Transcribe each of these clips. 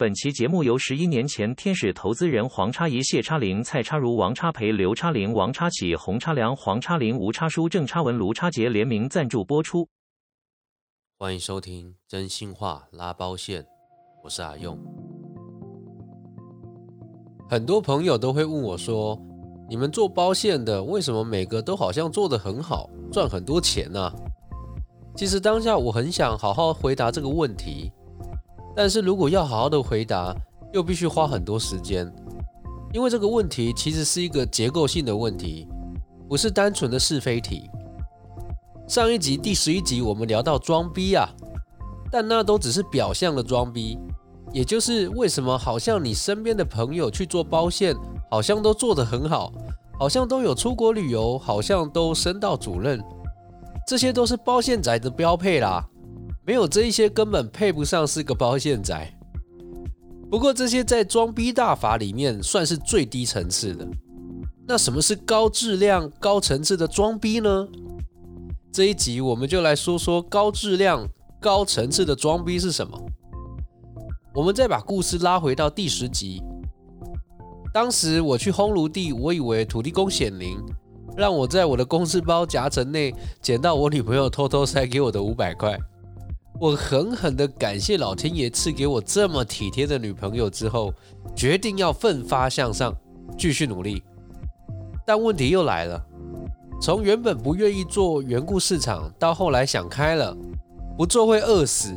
本期節目由十一年前天使投資人黃叉怡、謝叉玲、蔡叉儒、王叉培、劉叉玲、王叉棨、洪叉良、黃叉霖、吳叉書、鄭叉文、盧叉杰聯名贊助播出。歡迎收聽《真心話拉包餡》，我是阿用。很多朋友都會問我說：“你們做包餡的，為什麼每個都好像做得很好，賺很多錢呢、啊？”其實當下我很想好好回答這個問題。但是如果要好好的回答，又必須花很多時間，因為這個問題其實是一個結構性的問題，不是單純的是非題。上一集第十一集我們聊到裝逼啊，但那都只是表象的裝逼，也就是為什麼好像你身邊的朋友去做包餡，好像都做得很好，好像都有出國旅遊，好像都升到主任，這些都是包餡仔的標配啦。沒有這一些，根本配不上是個包線在，不過這些在裝逼大法裡面算是最低層次的。那什麼是高質量、高層次的裝逼呢？這一集我們就來說說高質量、高層次的裝逼是什麼。我們再把故事拉回到第十集，當時我去烘爐地，我以為土地公顯靈，讓我在我的工資包夾層內撿到我女朋友偷偷塞給我的五百塊。我狠狠地感謝老天爺賜給我這麼體貼的女朋友之後，決定要奮發向上，繼續努力。但問題又來了：從原本不願意做緣故市場，到後來想開了，不做會餓死。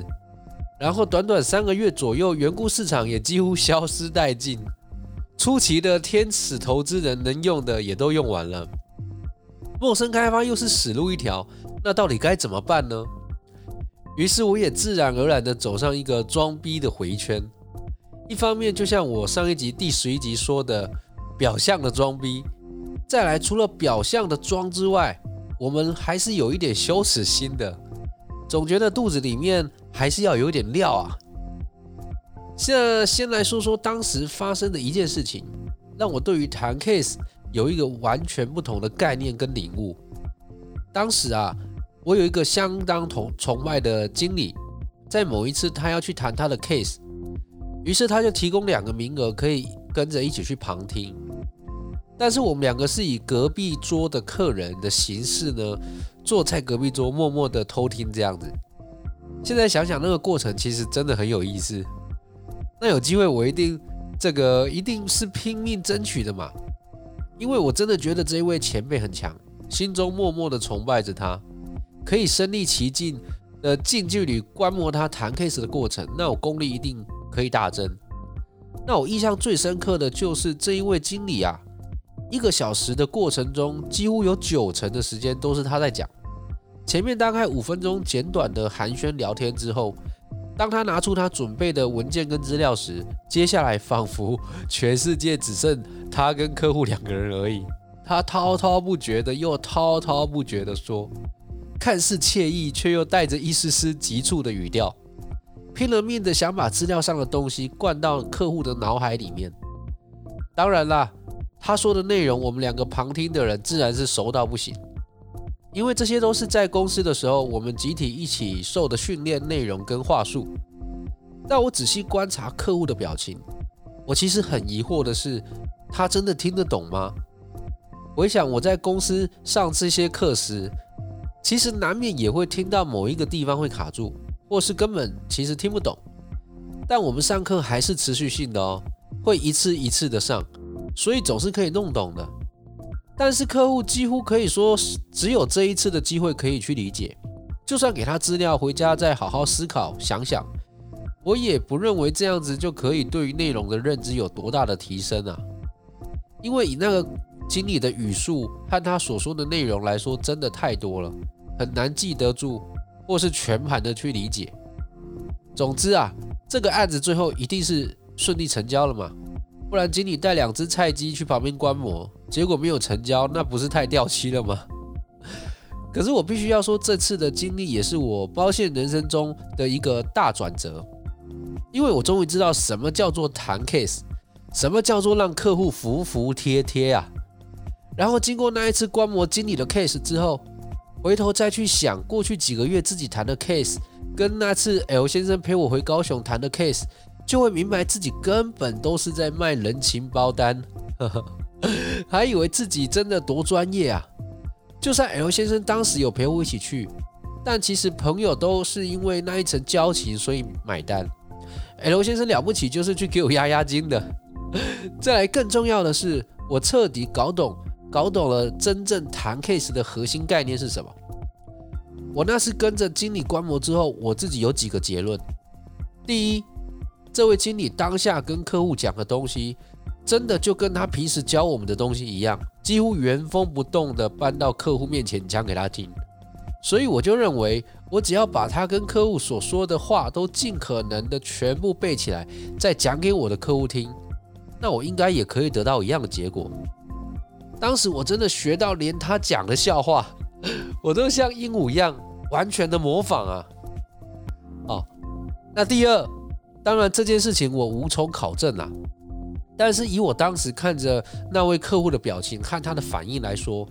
然後短短三個月左右，緣故市場也幾乎消失殆盡，初期的天使投資人能用的也都用完了，陌生開發又是死路一條。那到底該怎麼辦呢？於是我也自然而然的走上一個裝逼的回圈，一方面就像我上一集第十一集說的表象的裝逼，再來除了表象的裝之外，我們還是有一點羞恥心的，總覺得肚子裡面還是要有點料啊。現在先來說說當時發生的一件事情，讓我對於談 case 有一個完全不同的概念跟領悟。當時啊。我有一個相當崇崇拜的經理，在某一次他要去談他的 case，於是他就提供兩個名額可以跟着一起去旁聽，但是我們兩個是以隔壁桌的客人的形式呢，坐在隔壁桌默默的偷聽這樣子。現在想想那個過程其實真的很有意思。那有機會我一定這個一定是拼命爭取的嘛，因為我真的覺得這一位前輩很強，心中默默的崇拜着他。可以身歷其境的近距離觀摩他談 case 的過程，那我功力一定可以大增。那我印象最深刻的，就是這一位經理啊，一個小時的過程中，幾乎有九成的時間都是他在講。前面大概五分鐘簡短的寒暄聊天之後，當他拿出他準備的文件跟資料時，接下來仿佛全世界只剩他跟客戶兩個人而已。他滔滔不絕的又滔滔不絕的說。看似愜意，卻又帶着一絲絲急促的語調，拼了命的想把資料上的東西灌到客戶的腦海裡面。當然啦，他說的內容，我們兩個旁聽的人自然是熟到不行，因為這些都是在公司的時候，我們集體一起受的訓練內容跟話術。但我仔細觀察客戶的表情，我其實很疑惑的是，他真的聽得懂嗎？回想我在公司上這些課時。其實難免也會聽到某一個地方會卡住，或是根本其實聽不懂。但我們上課還是持續性的哦，會一次一次的上，所以總是可以弄懂的。但是客戶幾乎可以說只有這一次的機會可以去理解，就算給他資料回家再好好思考想想，我也不認為這樣子就可以對於內容的認知有多大的提升啊，因為以那個。經理的語速和他所說的內容來說，真的太多了，很難記得住，或是全盤的去理解。總之啊，這個案子最後一定是順利成交了嘛？不然經理帶兩隻菜雞去旁邊觀摩，結果沒有成交，那不是太掉漆了嗎？可是我必須要說，這次的經歷也是我包餡人生中的一個大轉折，因為我終於知道什麼叫做談 case，什麼叫做讓客戶服服帖帖啊！然後經過那一次觀摩經理的 case 之後，回頭再去想過去幾個月自己談的 case，跟那次 L 先生陪我回高雄談的 case，就會明白自己根本都是在賣人情包單，呵呵，還以為自己真的多專業啊！就算 L 先生當時有陪我一起去，但其實朋友都是因為那一層交情所以買單。L 先生了不起就是去給我壓壓驚的。再來更重要的是，我徹底搞懂。搞懂了真正談 case 的核心概念是什麼？我那是跟着經理觀摩之後，我自己有幾個結論。第一，這位經理當下跟客戶講的東西，真的就跟他平時教我們的東西一樣，幾乎原封不動的搬到客戶面前講給他聽。所以我就認為，我只要把他跟客戶所說的話都盡可能的全部背起來，再講給我的客戶聽，那我應該也可以得到一樣的結果。當時我真的學到連他講的笑話，我都像鸚鵡一樣完全的模仿啊！哦，那第二，當然這件事情我無從考證啊，但是以我當時看着那位客戶的表情，看他的反應來說，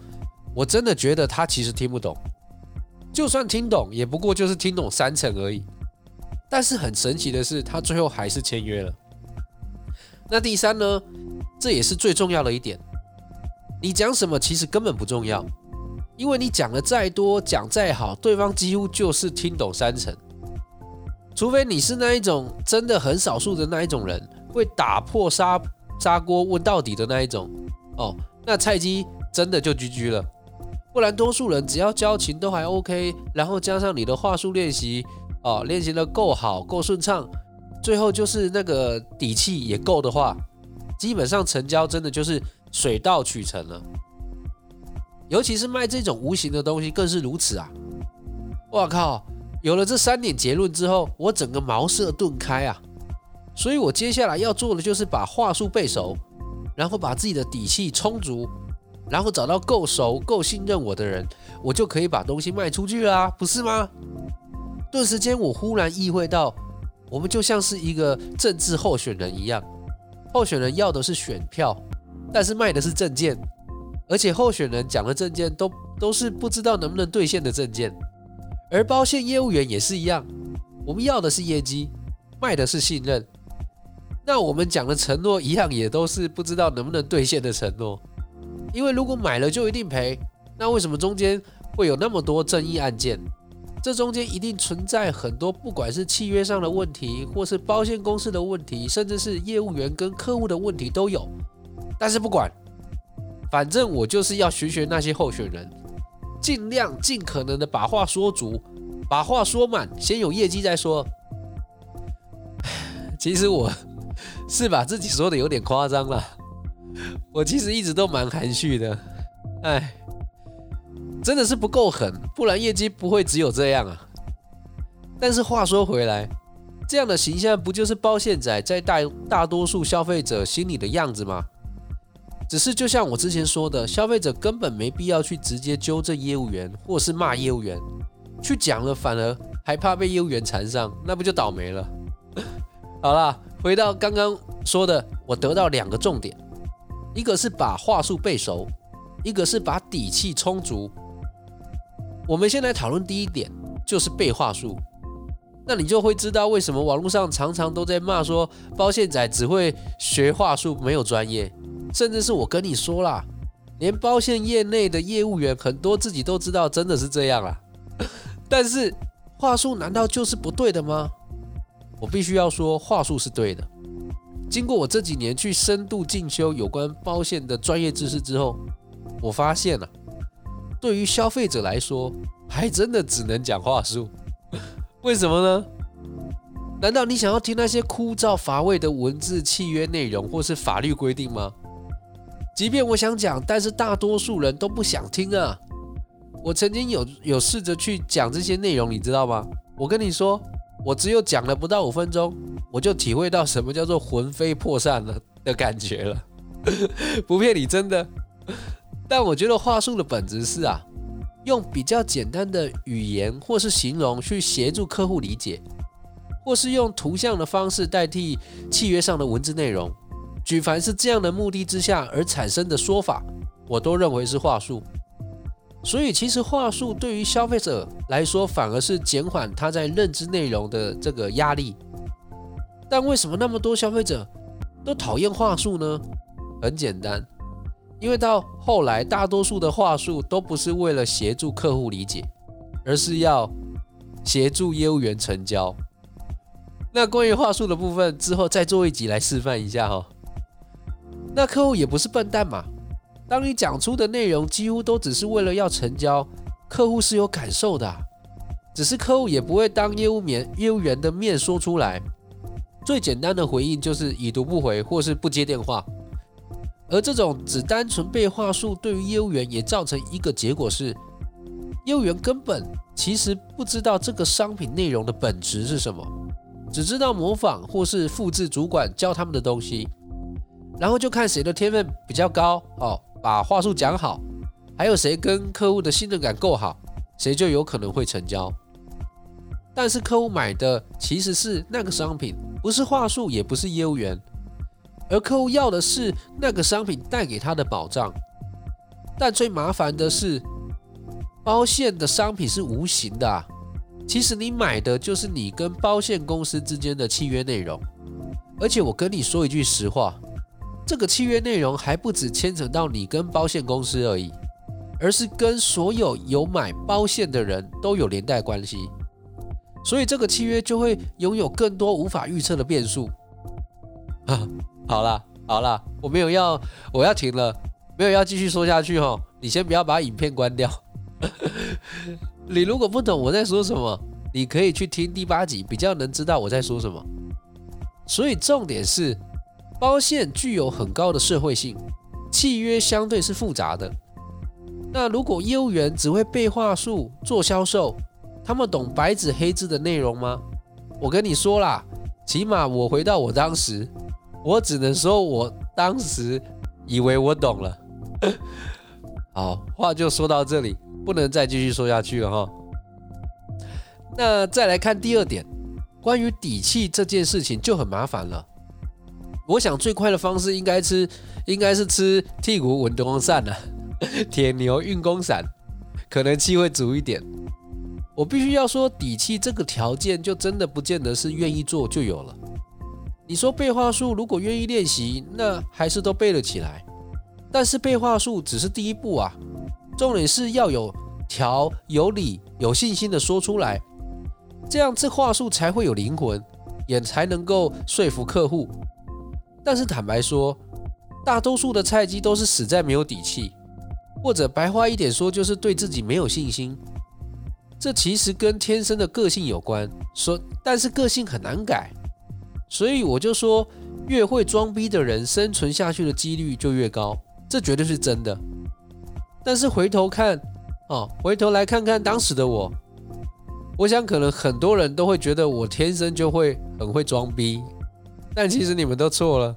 我真的覺得他其實聽不懂，就算聽懂，也不過就是聽懂三成而已。但是很神奇的是，他最後還是簽約了。那第三呢？這也是最重要的一點。你講什麼其實根本不重要，因為你講的再多講再好，對方幾乎就是聽懂三成，除非你是那一種真的很少數的那一種人，會打破砂砂鍋問到底的那一種哦。那菜雞真的就 GG 了，不然多數人只要交情都還 OK，然後加上你的話術練習哦，練習的夠好夠順暢，最後就是那個底氣也夠的話，基本上成交真的就是，水到渠成了，尤其是賣這種無形的東西更是如此啊！我靠，有了這三點結論之後，我整個茅塞頓開啊！所以我接下來要做的就是把話術背熟，然後把自己的底氣充足，然後找到夠熟、夠信任我的人，我就可以把東西賣出去啊，不是嗎？頓時間，我忽然意會到，我們就像是一個政治候選人一樣，候選人要的是選票。但是賣的是政見，而且候選人講的政見都都是不知道能不能兌現的政見。而包餡業務員也是一樣，我們要的是業績，賣的是信任。那我們講的承諾一樣也都是不知道能不能兌現的承諾。因為如果買了就一定賠，那為什麼中間會有那麼多爭議案件？這中間一定存在很多，不管是契約上的問題，或是包餡公司的問題，甚至是業務員跟客戶的問題都有。但是不管，反正我就是要學學那些候選人，盡量盡可能的把話說足，把話說滿，先有業績再說。其實我是吧，自己說的有點誇張了。我其實一直都蠻含蓄的，哎，真的是不夠狠，不然業績不會只有這樣啊。但是話說回來，這樣的形象不就是包餡仔在，在大大多數消費者心裡的樣子嗎？只是就像我之前說的，消費者根本沒必要去直接糾正業務員，或是罵業務員。去講了，反而還怕被業務員纏上，那不就倒霉了？ 好啦，回到剛剛說的，我得到兩個重點，一個是把話術背熟，一個是把底氣充足。我們先來討論第一點，就是背話術。那你就會知道為什麼網絡上常常都在罵說包餡仔只會學話術，沒有專業。甚至是我跟你說啦，連包餡業內的業務員很多自己都知道真的是這樣啦。但是話術難道就是不對的嗎？我必須要說話術是對的。經過我這幾年去深度進修有關包餡的專業知識之後，我發現了啊，對於消費者來說，還真的只能講話術。為什麼呢？難道你想要聽那些枯燥乏味的文字契約內容或是法律規定嗎？即便我想講，但是大多數人都不想聽啊。我曾經有有試着去講這些內容，你知道嗎？我跟你說，我只有講了不到五分鐘，我就體會到什麼叫做魂飛魄散了的感覺了。 不騙你，真的。但我覺得話術的本質是啊，用比較簡單的語言或是形容去協助客戶理解，或是用圖像的方式代替契約上的文字內容。舉凡是這樣的目的之下而產生的說法，我都認為是話術。所以其實話術對於消費者來說，反而是減緩他在認知內容的這個壓力。但為什麼那麼多消費者都討厭話術呢？很簡單，因為到後來大多數的話術都不是為了協助客戶理解，而是要協助業務員成交。那關於話術的部分，之後再做一集來示範一下哈、哦。那客戶也不是笨蛋嘛，當你講出的內容幾乎都只是為了要成交，客戶是有感受的啊，只是客戶也不會當業務員業務員的面說出來。最簡單的回應就是已讀不回或是不接電話，而這種只單純背話術，對於業務員也造成一個結果是，業務員根本其實不知道這個商品內容的本質是什麼，只知道模仿或是複制主管教他們的東西。然後就看誰的天分比較高哦，把話術講好，還有誰跟客戶的信任感夠好，誰就有可能會成交。但是客戶買的其實是那個商品，不是話術，也不是業務員，而客戶要的是那個商品帶給他的保障。但最麻煩的是，包餡的商品是無形的啊，其實你買的就是你跟包餡公司之間的契約內容。而且我跟你說一句實話。這個契約內容還不止牽扯到你跟包餡公司而已，而是跟所有有買包餡的人都有連帶關係，所以這個契約就會擁有更多無法預測的變數。好啦好啦，我沒有要，我要停了，沒有要繼續說下去哦。你先不要把影片關掉， 你如果不懂我在說什麼，你可以去聽第八集，比較能知道我在說什麼。所以重點是。包餡具有很高的社會性，契約相對是複雜的。那如果業務員只會背話術做銷售，他們懂白紙黑字的內容嗎？我跟你說啦，起碼我回到我當時，我只能說，我當時以為我懂了。 好，話就說到這裡，不能再繼續說下去了哈、哦。那再來看第二點，關於底氣這件事情就很麻煩了。我想最快的方式應該吃，應該是吃剔骨穩東風散、鐵牛運功散，可能氣會足一點。我必須要說底氣這個條件，就真的不見得是願意做就有了。你說背話術，如果願意練習，那還是都背了起來。但是背話術只是第一步啊，重點是要有條、有理、有信心的說出來，這樣這話術才會有靈魂，也才能夠說服客戶。但是坦白說，大多數的菜雞都是死在沒有底氣，或者白話一點說，就是對自己沒有信心。這其實跟天生的個性有關，說但是個性很難改。所以我就說，越會裝逼的人，生存下去的幾率就越高，這絕對是真的。但是回頭看，哦，回頭來看看當時的我，我想可能很多人都會覺得我天生就會很會裝逼。但其實你們都錯了，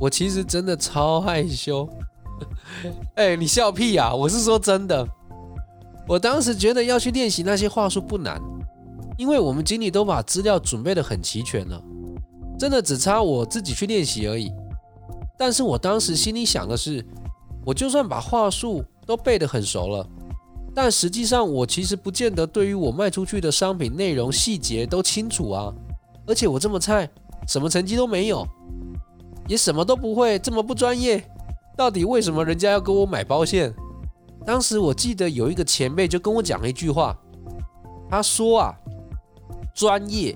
我其實真的超害羞。哎，你笑屁呀！我是說真的，我當時覺得要去練習那些話術不難，因為我們經理都把資料準備得很齊全了，真的只差我自己去練習而已。但是我當時心裡想的是，我就算把話術都背得很熟了，但實際上我其實不見得對於我賣出去的商品內容細節都清楚啊，而且我這麼菜。什麼成績都沒有，也什麼都不會，這麼不專業，到底為什麼人家要跟我買包餡？當時我記得有一個前輩就跟我講了一句話，他說啊，專業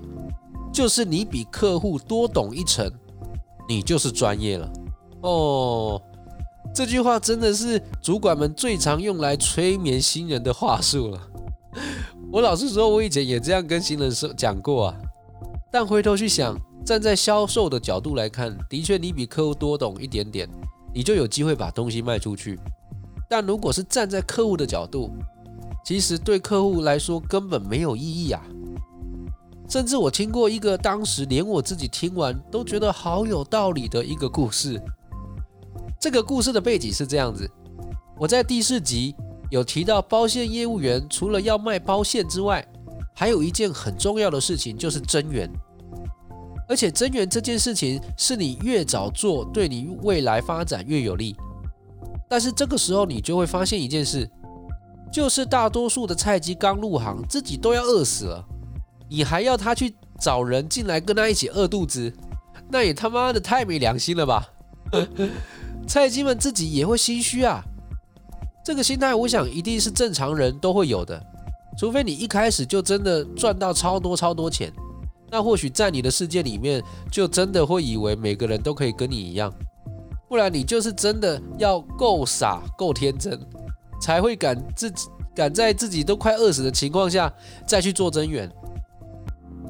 就是你比客戶多懂一層，你就是專業了。哦，這句話真的是主管們最常用來催眠新人的話術了。我老實說，我以前也這樣跟新人說講過啊，但回頭去想。站在銷售的角度來看，的確你比客戶多懂一點點，你就有機會把東西賣出去。但如果是站在客戶的角度，其實對客戶來說根本沒有意義啊。甚至我聽過一個，當時連我自己聽完都覺得好有道理的一個故事。這個故事的背景是這樣子：我在第四集有提到，包餡業務員除了要賣包餡之外，還有一件很重要的事情就是增員。而且增員這件事情是你越早做，對你未來發展越有利。但是這個時候你就會發現一件事，就是大多數的菜雞剛入行，自己都要餓死了，你還要他去找人進來跟他一起餓肚子，那也他媽的太沒良心了吧！菜雞們自己也會心虛啊，這個心態我想一定是正常人都會有的，除非你一開始就真的賺到超多超多錢。那或許在你的世界裡面，就真的會以為每個人都可以跟你一樣，不然你就是真的要夠傻、夠天真，才會敢自己敢在自己都快餓死的情況下再去做增援。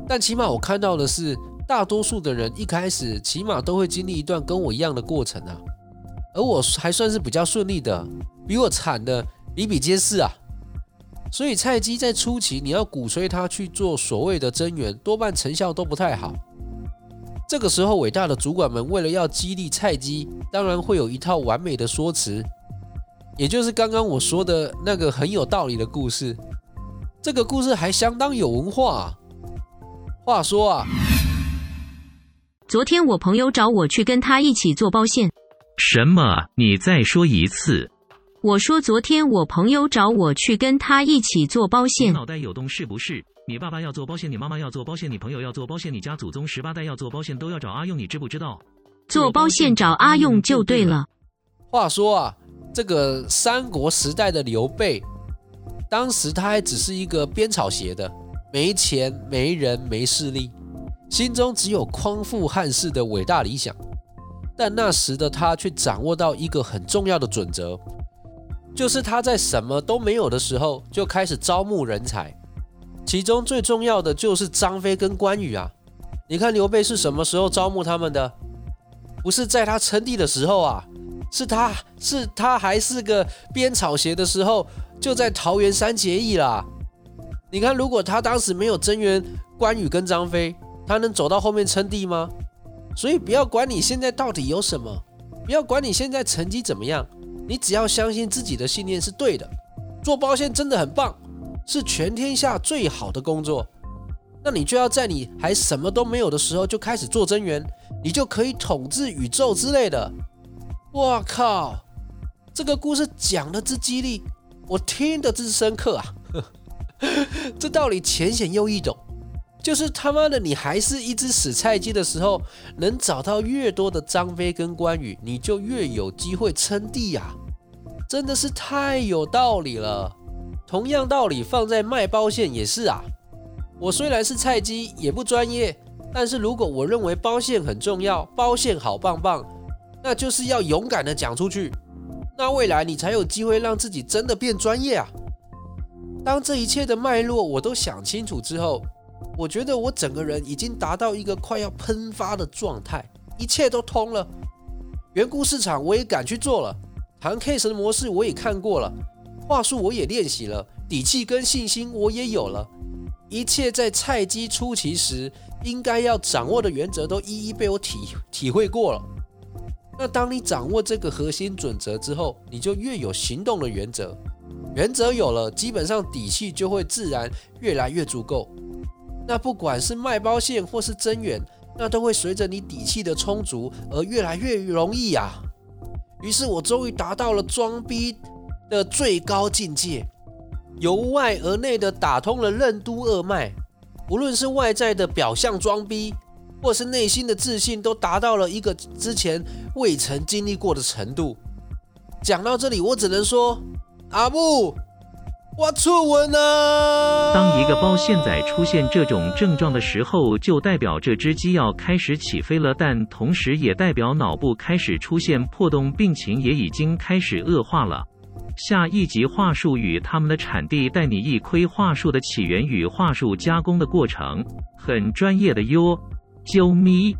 但起碼我看到的是，大多數的人一開始起碼都會經歷一段跟我一樣的過程啊，而我還算是比較順利的，比我慘的比比皆是啊。所以菜雞在初期，你要鼓吹他去做所謂的增援，多半成效都不太好。這個時候，偉大的主管們為了要激勵菜雞，當然會有一套完美的說辭，也就是剛剛我說的那個很有道理的故事。這個故事還相當有文化啊。話說啊，昨天我朋友找我去跟他一起做包餡，什麼？你再說一次？我說，昨天我朋友找我去跟他一起做包餡。你腦袋有洞是不是？你爸爸要做包餡，你媽媽要做包餡，你朋友要做包餡，你家祖宗十八代要做包餡，都要找阿用，你知不知道？做包餡找阿用就對了、 嗯。話說啊，這個三國時代的劉備，當時他還只是一個編草鞋的，沒錢、沒人、沒勢力，心中只有匡復漢室的偉大理想。但那時的他卻掌握到一個很重要的準則。就是他在什麼都沒有的時候就開始招募人才，其中最重要的就是張飛跟關羽啊。你看劉備是什麼時候招募他們的？不是在他稱帝的時候啊，是他是他還是個編草鞋的時候，就在桃園三結義啦。你看，如果他當時沒有增援關羽跟張飛，他能走到後面稱帝嗎？所以不要管你現在到底有什麼，不要管你現在成績怎麼樣。你只要相信自己的信念是對的，做包餡真的很棒，是全天下最好的工作。那你就要在你還什麼都沒有的時候就開始做增員，你就可以統治宇宙之類的。我靠，這個故事講的之激勵，我聽的之深刻啊！呵呵這道理淺顯又易懂。就是他媽的，你還是一隻死菜雞的時候，能找到越多的張飛跟關羽，你就越有機會稱帝啊！真的是太有道理了。同樣道理放在賣包餡也是啊。我雖然是菜雞，也不專業，但是如果我認為包餡很重要，包餡好棒棒，那就是要勇敢的講出去，那未來你才有機會讓自己真的變專業啊。當這一切的脈絡我都想清楚之後。我覺得我整個人已經達到一個快要噴發的狀態，一切都通了，緣故市場我也敢去做了，談 case 的模式我也看過了，話術我也練習了，底氣跟信心我也有了，一切在菜雞初期時應該要掌握的原則都一一被我體體會過了。那當你掌握這個核心準則之後，你就越有行動的原則，原則有了，基本上底氣就會自然越來越足夠。那不管是賣包餡或是增員，那都會隨着你底氣的充足而越來越容易呀、啊。於是我終於達到了裝逼的最高境界，由外而內的打通了任督二脈，無論是外在的表象裝逼，或是內心的自信，都達到了一個之前未曾經歷過的程度。講到這裡，我只能說，阿木。當一個包餡仔出現這種症狀的時候，就代表這隻雞要開始起飛了，但同時也代表腦部開始出現破洞，病情也已經開始惡化了。下一集話術與它們的產地帶你一窺話術的起源與話術加工的過程，很專業的喲，啾咪。